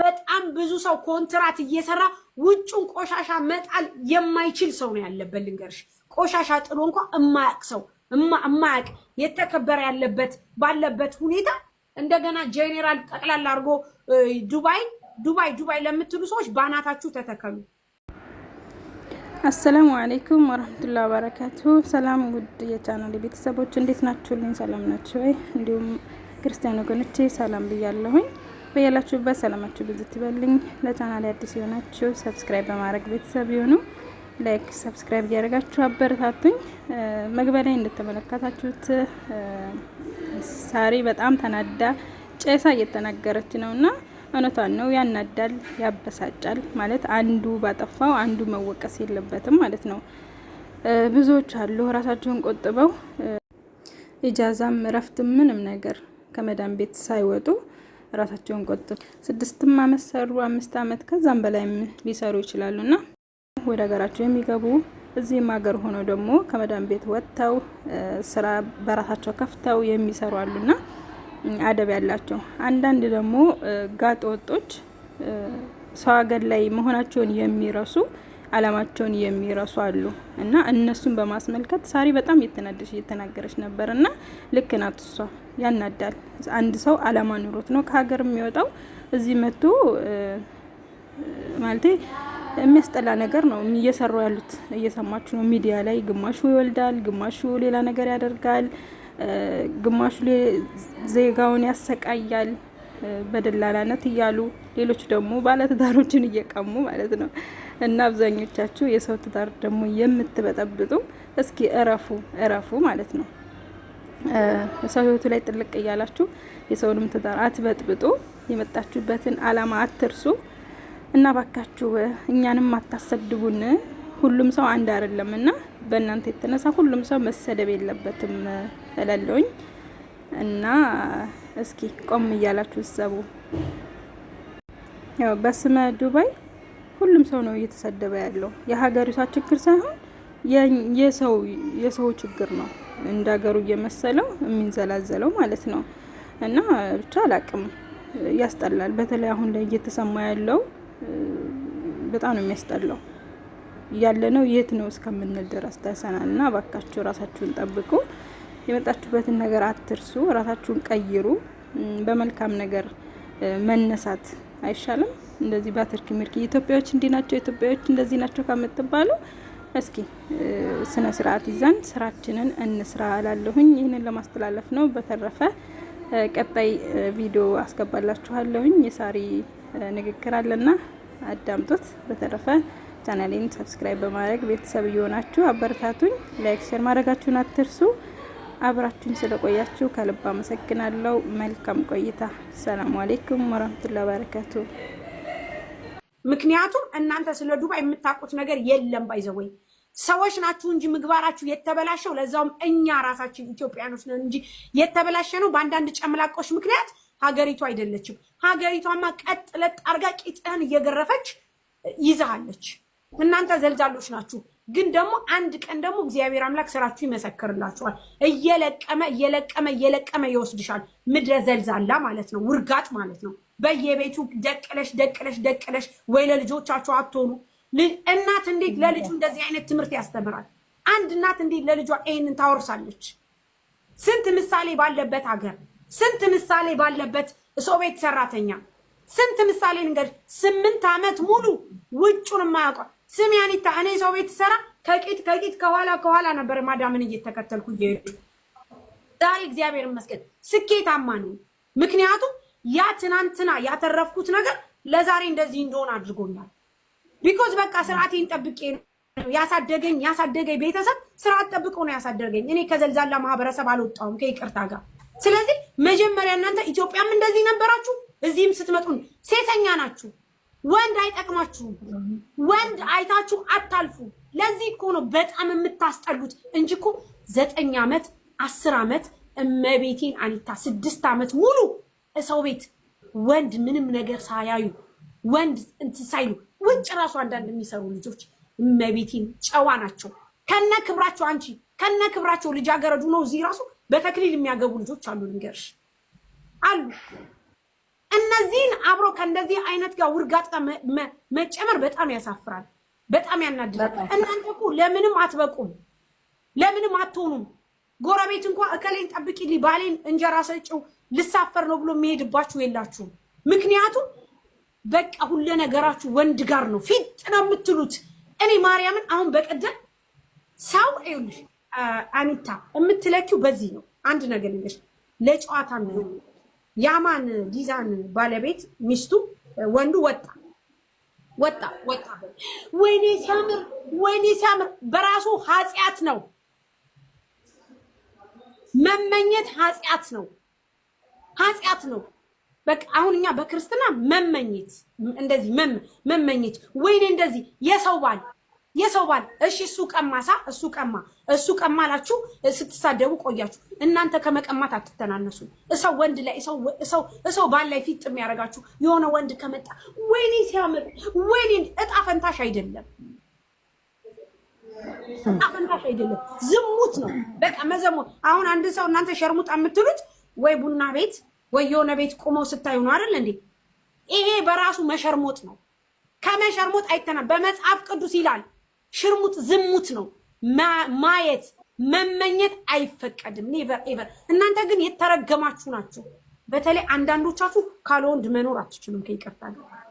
በጣም ብዙ ሰው ኮንትራት እየሰራ ውጩን ቆሻሻ መጣል የማይችል ሰው ነው ያለበት። ልንገርሽ ቆሻሻ ጥሎ እንኳ እማያቅ ሰው እማያቅ የተከበረ ያለበት ባለበት ሁኔታ እንደገና ጄኔራል ጠቅላላ አድርጎ ዱባይ ዱባይ ዱባይ ለምትሉ ሰዎች ባናታችሁ ተተከሉ። አሰላሙ አለይኩም ወረህመቱላ በረካቱ። ሰላም ውድ የቻናል ቤተሰቦች እንዴት ናችሁልኝ? ሰላም ናቸው ወይ? እንዲሁም ክርስቲያን ወገኖቼ ሰላም ብያለሁኝ። በያላችሁበት ሰላማችሁ ብዙ ትበልኝ። ለቻናል አዲስ የሆናችሁ ሰብስክራይብ በማድረግ ቤተሰብ የሆኑ ላይክ፣ ሰብስክራይብ እያደረጋችሁ አበረታቱኝ። መግቢያ ላይ እንደተመለከታችሁት ሳሪ በጣም ተናዳ ጨሳ እየተናገረች ነው እና እውነቷን ነው። ያናዳል፣ ያበሳጫል። ማለት አንዱ ባጠፋው አንዱ መወቀስ የለበትም ማለት ነው። ብዙዎች አሉ ራሳቸውን ቆጥበው ኢጃዛም እረፍት ምንም ነገር ከመዳን ቤት ሳይወጡ ራሳቸውን ቆጥ ስድስትም አመት ሰሩ አምስት አመት ከዛም በላይ ሊሰሩ ይችላሉ እና ወደ ሀገራቸው የሚገቡ እዚህም ሀገር ሆነው ደግሞ ከመዳን ቤት ወጥተው ስራ በራሳቸው ከፍተው የሚሰሩ አሉና አደብ ያላቸው አንዳንድ ደግሞ ጋጠ ወጦች ሰው ሀገር ላይ መሆናቸውን የሚረሱ አላማቸውን የሚረሱ አሉ እና እነሱን በማስመልከት ሳሪ በጣም እየተናደሽ እየተናገረች ነበር። እና ልክ ናት እሷ። ያናዳል። አንድ ሰው አላማ ኑሮት ነው ከሀገር የሚወጣው። እዚህ መጥቶ ማለቴ የሚያስጠላ ነገር ነው እየሰሩ ያሉት። እየሰማችሁ ነው ሚዲያ ላይ ግማሹ ይወልዳል፣ ግማሹ ሌላ ነገር ያደርጋል፣ ግማሹ ዜጋውን ያሰቃያል። በደላላነት እያሉ ሌሎች ደግሞ ባለትዳሮችን እየቀሙ ማለት ነው። እና አብዛኞቻችሁ የሰው ትዳር ደግሞ የምትበጠብጡ እስኪ እረፉ እረፉ ማለት ነው። ሰው ህይወቱ ላይ ጥልቅ እያላችሁ የሰውንም ትዳር አትበጥብጡ። የመጣችሁበትን አላማ አትርሱ እና ባካችሁ እኛንም አታሰድቡን። ሁሉም ሰው አንድ አይደለም እና በእናንተ የተነሳ ሁሉም ሰው መሰደብ የለበትም እላለሁኝ እና እስኪ ቆም እያላችሁ ሰቡ። ያው በስመ ዱባይ ሁሉም ሰው ነው እየተሰደበ ያለው። የሀገሪቷ ችግር ሳይሆን የሰው የሰው ችግር ነው። እንደ ሀገሩ እየመሰለው የሚንዘላዘለው ማለት ነው። እና ብቻ አላቅም፣ ያስጠላል። በተለይ አሁን ላይ እየተሰማ ያለው በጣም ነው የሚያስጠላው። ያለ ነው የት ነው እስከምንል ድረስ ደርሰናል። እና እባካችሁ ራሳችሁን ጠብቁ። የመጣችሁበትን ነገር አትርሱ። ራሳችሁን ቀይሩ። በመልካም ነገር መነሳት አይሻልም? እንደዚህ ባትርኪ ምርኪ ኢትዮጵያዎች እንዲህ ናቸው፣ ኢትዮጵያዎች እንደዚህ ናቸው ከምትባሉ እስኪ ስነ ስርዓት ይዘን ስራችንን እንስራ እላለሁኝ። ይህንን ለማስተላለፍ ነው። በተረፈ ቀጣይ ቪዲዮ አስገባላችኋለሁኝ። የሳሪ ንግግር አለና አዳምጡት። በተረፈ ቻናሌን ሰብስክራይብ በማድረግ ቤተሰብ እየሆናችሁ አበረታቱኝ። ላይክ፣ ሼር ማድረጋችሁን አትርሱ። አብራችሁን ስለቆያችሁ ከልብ አመሰግናለሁ። መልካም ቆይታ። ሰላም አሌይኩም ወረህመቱላ ወበረካቱ። ምክንያቱም እናንተ ስለ ዱባይ የምታውቁት ነገር የለም። ባይዘወይ ሰዎች ናችሁ እንጂ ምግባራችሁ የተበላሸው ለዛውም እኛ ራሳችን ኢትዮጵያኖች ነን እንጂ የተበላሸ ነው በአንዳንድ ጨምላቆች ምክንያት ሀገሪቱ አይደለችም። ሀገሪቷማ ቀጥ ለጥ አርጋ ቂጥህን እየገረፈች ይዛሃለች። እናንተ ዘልዛሎች ናችሁ። ግን ደግሞ አንድ ቀን ደግሞ እግዚአብሔር አምላክ ስራችሁ ይመሰክርላችኋል። እየለቀመ እየለቀመ እየለቀመ ይወስድሻል። ምድረ ዘልዛላ ማለት ነው፣ ውርጋጥ ማለት ነው። በየቤቱ ደቅለሽ ደቅለሽ ደቅለሽ ወይ ለልጆቻችሁ አትሆኑ። እናት እንዴት ለልጁ እንደዚህ አይነት ትምህርት ያስተምራል? አንድ እናት እንዴት ለልጇ ይህንን ታወርሳለች? ስንት ምሳሌ ባለበት ሀገር፣ ስንት ምሳሌ ባለበት እሰው ቤት ሰራተኛ፣ ስንት ምሳሌ ንገር። ስምንት ዓመት ሙሉ ውጩን የማያውቋል ስም ያኒታ እኔ ሰው ቤት ሰራ ከቂት ከቂት ከኋላ ከኋላ ነበር ማዳምን እየተከተልኩ እየሄዱ ዛሬ እግዚአብሔር ይመስገን ስኬታማ ነኝ። ምክንያቱም ያ ትናንትና ያተረፍኩት ነገር ለዛሬ እንደዚህ እንደሆነ አድርጎኛል። ቢኮዝ በቃ ስርዓቴን ጠብቄ ነው ያሳደገኝ። ያሳደገኝ ቤተሰብ ስርዓት ጠብቆ ነው ያሳደገኝ። እኔ ከዘልዛላ ማህበረሰብ አልወጣሁም ከይቅርታ ጋር። ስለዚህ መጀመሪያ እናንተ ኢትዮጵያም እንደዚህ ነበራችሁ፣ እዚህም ስትመጡ ሴተኛ ናችሁ። ወንድ አይጠቅማችሁም። ወንድ አይታችሁ አታልፉ። ለዚህ እኮ ነው በጣም የምታስጠሉት እንጂ እኮ ዘጠኝ ዓመት አስር ዓመት እመቤቴን አኒታ ስድስት ዓመት ሙሉ እሰው ቤት ወንድ ምንም ነገር ሳያዩ ወንድ እንትን ሳይሉ ውጭ ራሱ አንዳንድ የሚሰሩ ልጆች እመቤቴን ጨዋ ናቸው። ከነ ክብራቸው አንቺ ከነ ክብራቸው ልጃገረዱ ነው። እዚህ ራሱ በተክሊል የሚያገቡ ልጆች አሉ፣ ልንገርሽ አሉ እነዚህን አብሮ ከእንደዚህ አይነት ጋር ውርጋጥ መጨመር በጣም ያሳፍራል፣ በጣም ያናድራል። እናንተ እኮ ለምንም አትበቁም፣ ለምንም አትሆኑም። ጎረቤት እንኳ እከሌን ጠብቂልኝ፣ ባሌን እንጀራ ሰጪው ልሳፈር ነው ብሎ የሚሄድባችሁ የላችሁም። ምክንያቱም በቃ ሁለ ነገራችሁ ወንድ ጋር ነው፣ ፊት ነው የምትሉት። እኔ ማርያምን አሁን በቀደም ሰው አኒታ የምትለኪው በዚህ ነው። አንድ ነገር ልንገርሽ፣ ለጨዋታ ነው የአማን ዲዛን ባለቤት ሚስቱ ወንዱ ወጣ ወጣ ወጣ። ወይኔ ሲያምር፣ ወይኔ ሲያምር። በራሱ ኃጢአት ነው መመኘት፣ ኃጢአት ነው ኃጢአት ነው። በቃ አሁን እኛ በክርስትና መመኘት እንደዚህ መመኘት፣ ወይኔ እንደዚህ የሰው ባል የሰው ባል እሺ፣ እሱ ቀማሳ እሱ ቀማ እሱ ቀማ አላችሁ ስትሳደቡ ቆያችሁ። እናንተ ከመቀማት አትተናነሱ። እሰው ወንድ ላይ እሰው ባል ላይ ፊት የሚያደርጋችሁ የሆነ ወንድ ከመጣ ወይኔ ሲያምር ወይኔ፣ እጣ ፈንታሽ አይደለም፣ እጣ ፈንታሽ አይደለም፣ ዝሙት ነው በቃ መዘሞ። አሁን አንድ ሰው እናንተ ሸርሙጣ የምትሉት ወይ ቡና ቤት ወይ የሆነ ቤት ቁመው ስታዩ ነው አይደል እንዴ? ይሄ በራሱ መሸርሞጥ ነው። ከመሸርሞጥ አይተና በመጽሐፍ ቅዱስ ይላል ሽርሙጥ ዝሙት ነው። ማየት መመኘት አይፈቀድም። ኔቨር ኤቨር። እናንተ ግን የተረገማችሁ ናችሁ። በተለይ አንዳንዶቻችሁ ካለወንድ መኖር አትችሉም ከይቅርታ ጋር